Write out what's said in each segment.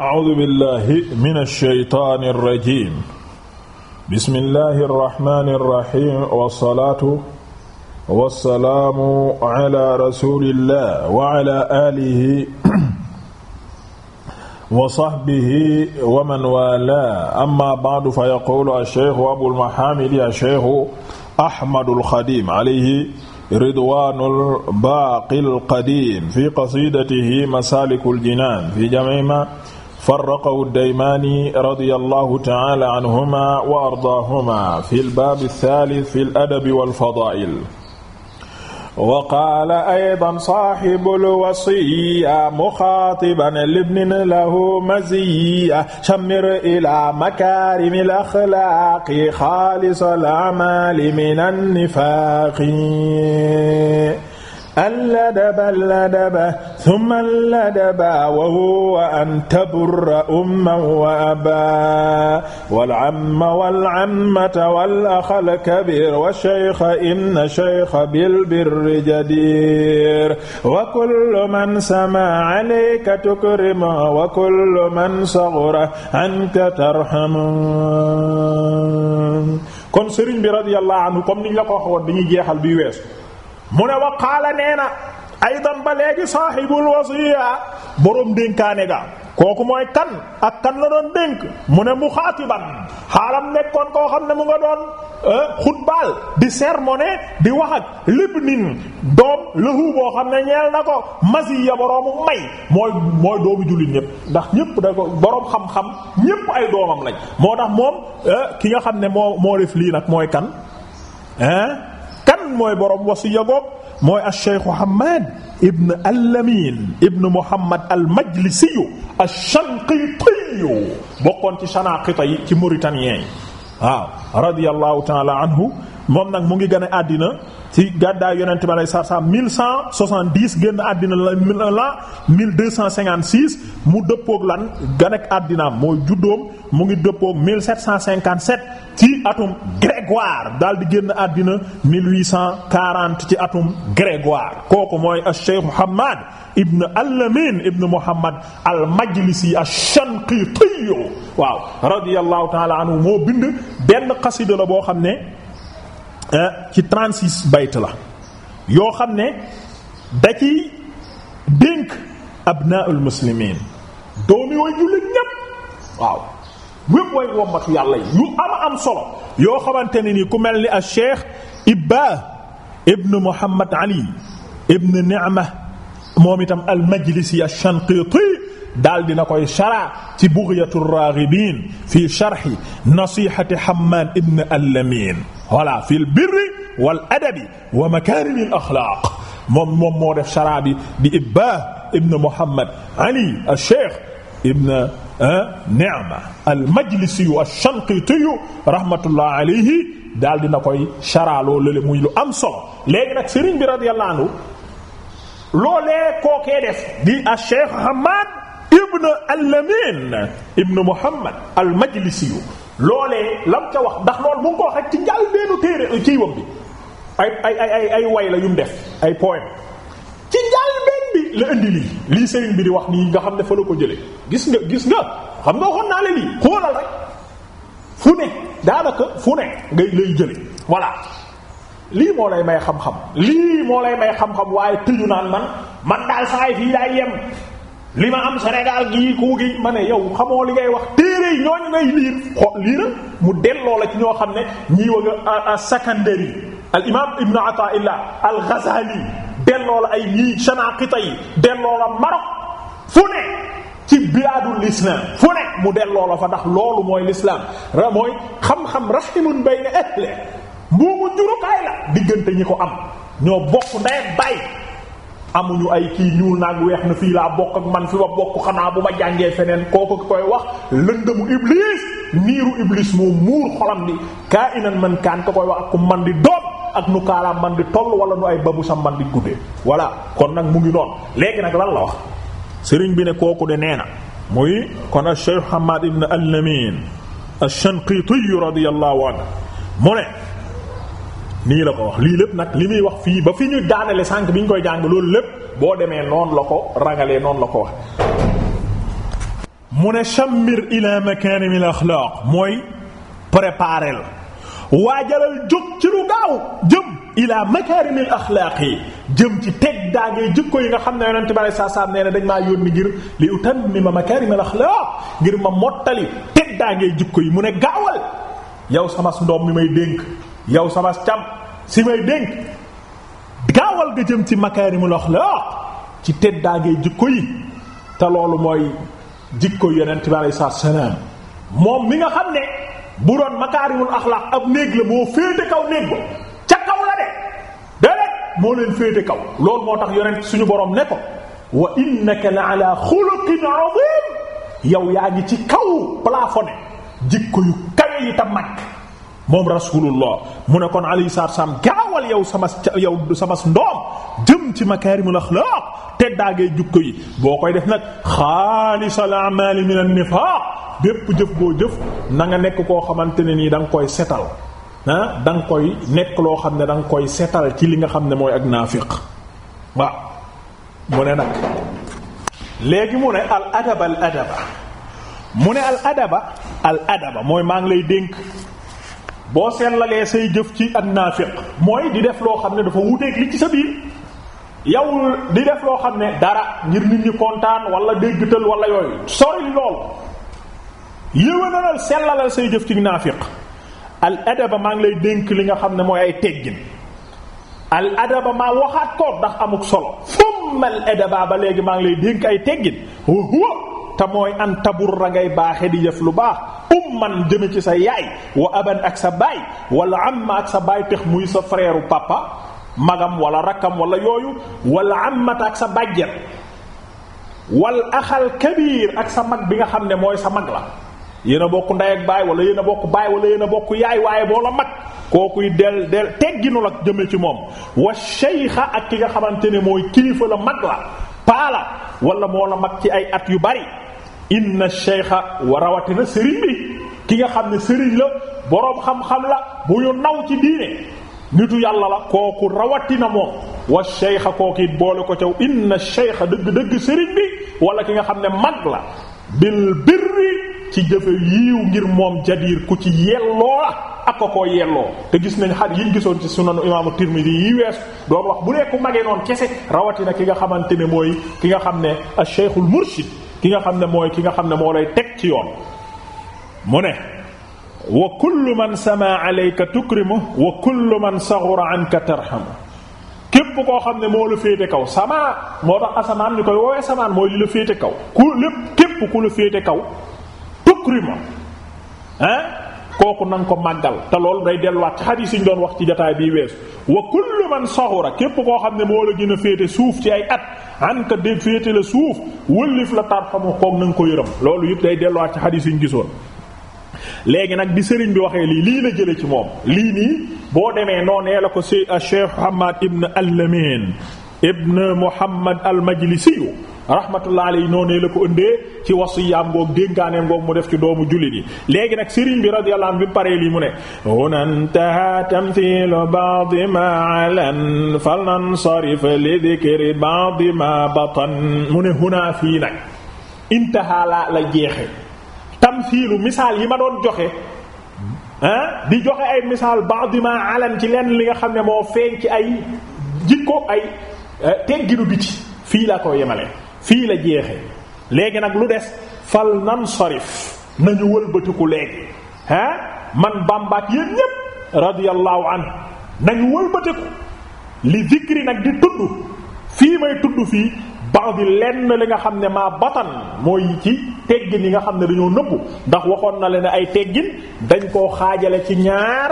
أعوذ بالله من الشيطان الرجيم بسم الله الرحمن الرحيم والصلاة والسلام على رسول الله وعلى آله وصحبه ومن والاه أما بعد فيقول الشيخ أبو المحامد الشيخ أحمد الخديم عليه ridwaanul baaqil qadiim fi qasiidatihi masaalikul jinaan fi jamiima farraqahu daymaani radiyallahu ta'ala anhuma wa ardaahuma fil baabi saalis fil adabi wal fadaa'il. wa qaala aydan saaxibul wasiyya muxaatiban libnin lahu maziyya shammir ilaa makaarimil axlaaqi xaalisal a'maali minan nifaaqi alladaba alladaba thumma alladaba wa huwa an taburra umman wa abaa wal amma wal ammata wal axal kabir wa shaykha inna shaykha bil birri jadir wa kullu man sama alayka tukrima wa kullu man saghura anka tarham kon sëriñ bi radiyallahu anhu comme niñ la ko waxoon dañuy jeexal bi weesu mu ne wa qaala nee na aydan ba léegi saaxibul wasiya boroom dénkaane ga kooku mooy kan ak kan la doon dénk mu ne mu xaatiban xaalam nekkoon koo xam ne mu nga doon euh, xutbaal di mone di wax ak lépp nin doom lëhu boo xam ne ñeel na ko masi ya boroomu may mooy mooy doomu jullit ñépp ndax ñépp da ko boroom xam-xam ñépp ay doomam lañ moo tax moom euh, ki nga xam ne moo moo def lii nag mooy kan hein kan mooy borom wasiya goog mooy ash-Shaykh Muhammad ibn al-Lamin ibn Muhammad al-Majlisi ash-Shanqiti bokkoon ci Shanaqita yi ci Mauritaniens yi waaw radiyallahu ta'ala anhu moom nag mu ngi gën a àddina ci gàddaay yonente bi alayhi salaam 1170 génn àddina la la 1256 mu dëppoog lan gën àddina àddinaam mooy juddoom mu ngi dëppoog 1757 ci atum Grégoire daal di génn àddina 1840 ci atum Grégoire kooku mooy Cheikh Muhammad ibn al ibn Muhammad al-Majlisi ash waaw radiyallahu ta'ala anhu moo bind benn xasida la boo xam ne Eh, ci 36 bayt la yoo xam ne da ci dénk abnaul muslimin doomi way jullit ñépp waaw wépp way wommatu yàlla yu ama am solo yoo xamante ne ni ku mel ni a cheikh ibba ibn muhammad ali ibn ni'ma moom itam almajlisi ash-shanqiti daal dina koy shara ci bughyatu raghibin fi sharhi nasihati hamman ibn al voilà fil birri wal adabi wa makarimil axlaaq moom moom moo def chara bi di Ibbah ibn Muhammad Ali al-Cheikh ibn ah, Ni'ma al-Majlisi ash-Shanqiti rahmatullah alayhi daal dina koy chara loolu muy lu am solo léegi nag Serigne bi radiyallahu anhu loolee kookee def di al-Cheikh Hamad ibn al-Lamin ibn Muhammad al-Majlisi loolee lam ca wax ndax loolu mu ngi ko wax rek ci njàll beenu téere ciy wam bi ay ay ay ay way la def ay poème ci njàll benn bi la indi lii lii sëriñ bi di wax nii nga xam ne fa la ko jële gis nga gis nga xam nga waxoon naa la lii xoolal rek fu ne daanaka fu ne ngay lay jële voilà lii moo lay may xam-xam lii moo lay may xam-xam waaye tëju naan man man daal saay fii laay yem li ma am Sénégal gii ku ma ne yow xamoo li ngay wax rëy ñooñu ngay liir xo liira mu delloo la ci ñoo xam ne ñii wa nga a Sakandari al imam ibnu Ataillah al Ghazali delloo la ay ñii Shanaqita yi delloo la Maroc fu ne ci bilaadul islam fu ne mu delloo la fa ndax loolu mooy l'islam ra mooy xam-xam rahimun bayna ahli mu mu njurukay la diggante ñi ko am ñoo bokk ndey bay amuñu ay kii ñuul naag weex na fii laa bokk ak man fi ma bokk xanaa bu ma jàngee feneen kooku koy wax lëndëmu iblis niiru iblis moom muur xolam bi kaa inan man kaan ka koy wax ak ku man di doom ak nu kaalaam man di toll wala nu ay babu sa man di guddee voilà kon nag mu ngi noonu léegi nag lan la wax sëriñ bi ne kooku de nee na muy kon a Cheikh Hamad ibn al-Lamin ash-Shanqiti radiyallahu anhu mu ne nii la ko wax lii lépp nag li muy wax fii ba fi ñu daanale sànq bi ñu koy jàng loolu lépp boo demee noonu la ko ragalee noonu la ko wax mu ne shammir ila makarimil axlaaq mooy préparer la waajalal jóg ci lu gaaw jëm ila makarimil axlaaq yi jëm ci teg daagee jikko yi nga xam ne yonente bi alei saa salaam nee dañ maa yónni ngir li utammima makarimil axlaaq ngir ma mottali teg daagee jikko yi mu ne gaawal yow sama ndoom mi may dénk yow sama cam si may dénk gaawal nga ci makaarimul axlaaq ci teddaangee jikko yi te loolu mooy jikko yonent bi alayhi salaam moom mi nga xam ne bu doon makaarimul axlaaq ab néeg la moo féete kaw néeg ba ca kaw la de déedéet moo leen féete kaw loolu moo tax yonent suñu borom ne ko wa innaka la ala xuluqin azim yow yaa ngi ci kaw plafonné jikko yu kawe yi ta mag moom rasulullah mu ne kon alayhi salaam gaawal yow sama yow sama ndoom jëm ci makaarimul te teddaagee jukko yi boo koy def nag xaalisal a'maali minan nifaaq bépp jëf boo jëf nanga nekk koo xamante ne nii danga koy setal danga koy nekk loo xam ne danga koy setal ci li nga xam ne mooy ak naafiq waaw mu ne nag léegi mu ne al adaba al adaba mu ne al adaba al adaba mooy maa ngi lay dénk boo seetlalee say jëf ci ak naafiq mooy di def loo xam ne dafa wuuteeg li ci sa biir yow di def loo xam ne dara ngir nit ñi kontaan wala déggtal wala yooyu sori lool yëwénalal sellalal say jëf ci naafiq al adaba maa ngi lay dénk li nga xam ne mooy ay teggin al adaba maa waxaat ko ndax amuk solo fumma al adaba ba léegi maa ngi lay dénk ay teggin wa huwa te mooy an tabur ra ngay baaxe di jëf lu baax umman jëme ci sa yaay wa aban ak sa baay wala amma ak sa baay tex muy sa frère papa magam wala rakkam wala yooyu wala ammata ak sa bàjjen wal axal kabiir ak sa mag bi nga xam ne mooy sa mag la yéen a bokk ndey ak baay wala yéen a bokk baay wala yéen a bokk yaay waaye boo la mag kookuy del del tegginul ak jëme ci moom wa shaykha ak ki nga xamante ne mooy kilifa la mag la paa la moo la mag ci ay at yu bari inna shaykha wa rawatina sëriñ ki nga xam ne sëriñ la boroom xam-xam la bu ñu naw ci diine nitu yàlla la kooku rawatina moom wa cheikha kooku it boole ko caw inna cheikha dëgg-dëgg sëriñ bi wala ki nga xam ne mag la bil birri ci jëfe yiiw ngir moom jadir ku ci yelloo la ak ko koo yelloo te gis nañ xar yiñ gisoon ci sunanu imaamu Tirmidi yi wees doon wax bu dee magee noonu kese rawatina ki nga xamante ne mooy ki nga xam ne a cheikhul murshid ki nga xam ne mooy ki nga xam ne moo lay teg ci yoon mu ne wa kullu man sama alayka tukrimu wa kullu man saghura anka tarhamu képp koo xam ne moo la féete kaw sama moo tax asamaan ñu koy woowee samaan mooy li la féete kaw ku lépp képp ku la féete kaw tukrimu ah kooku na nga ko màggal te loolu day delluwaat ci xadiis yi ñu doon wax ci jotaay bii weesu wa kullu man saghura képp koo xam ne moo la jën a féete suuf ci ay at anka dégg féete la suuf wëllif la tarhamu koog na nga ko yërëm loolu yëpp day delluwaat ci xadiis yi ñu léegi nag bi sëriñ bi waxe lii lii la jële ci moom lii nii boo demee noonee la ko si Cheikh Hamad ibn al-Lamin ibn Muhammad al-Majlisiyu rahmatullah alayhi noonee la ko ëndee ci wasiyaam ngoog dénkaaneem ngoog mu def ci doomu jullit yi léegi nag sëriñ bi radiyallahu anhu bi paree lii mu ne huna intaha tamthilu ba'di ma alan falnansarif li dhikri ba'di ma batan mu huna fii nag intaha la la jeexe tamsiilu misaal yi ma doon joxe di joxe ay misaal ba'dima alam ci lenn li nga xam ne moo feeñ ci ay jikko ay eh, tegginu biti fii laa ko yemale fii la jeexe léegi nag lu des fal nansarif nañu wëlbatiku léegi ah man bàmbaat yéen ñépp radiyallahu anhu nañu wëlbatiku li zikri nag di tudd fii may tudd fii baax bi lenn li nga xam ne ma batan mooy ci teggin yi nga xam ne dañoo nëbbu ndax waxoon na leen ay teggin dañ koo xaajale ci ñaar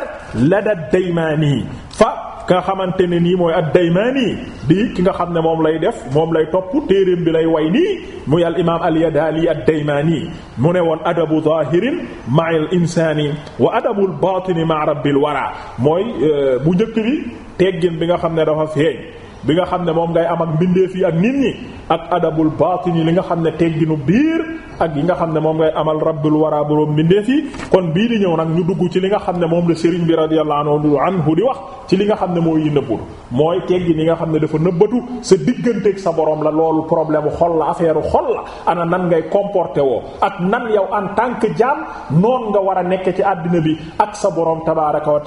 la da daymaani fa ki nga xamante ne nii mooy ad-Daymaani di ki nga xam ne moom lay def moom lay topp téereem bi lay way nii muy al imaam al-Yadaali ad-Daymaani mu ne woon adabu zaahirin ma'a al-insaani wa adabu al-baatini ma'a rabbil waraa mooy euh, bu njëkk bi teggin bi nga xam ne dafa feeñ bi nga xam ne moom ngay am ak mbindeef yi ak nit ñi ak adabul baatin li nga xam ne tegginu biir ak yi nga xam ne moom ngay amal rabbul wara boroom mbindeef yi kon bii di ñëw nag ñu dugg ci li nga xam ne moom la sëriñ bi radiyallahu anhu di wax ci li nga xam ne mooy yi nëbbatu mooy teggin yi nga xam ne dafa nëbbatu sa digganteeg sa boroom la loolu problème xol la affaire xol la ana nan ngay comporté woo ak nan yow en tant que jaam noon nga war a nekk ci àddina bi ak sa borom tabaraka wa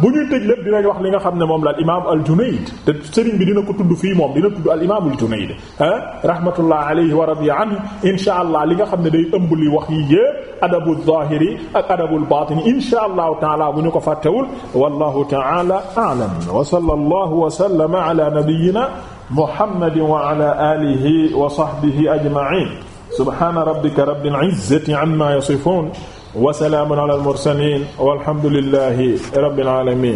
bu ñuy tëj lépp dinañ wax li nga xam ne moom la al imam al sëriñ bi dina ko tudd fii moom dina tudd al imaamul Junayd ah rahmatullah alayhi wa radiya anhu insha allah li nga xam ne day ëmb li wax yi yépp adabu zahiri ak adabul baatini insha allahu taala bu ñu ko fàttewul wallahu taala a'lam wa sallallahu wa sallama ala nabiyyina muhammadin wa ala alihi wa sahbihi ajma'in subhana rabbika rabbil izzati amma yasifun wa salamun ala al mursalin walhamdulillahi rabbil alamin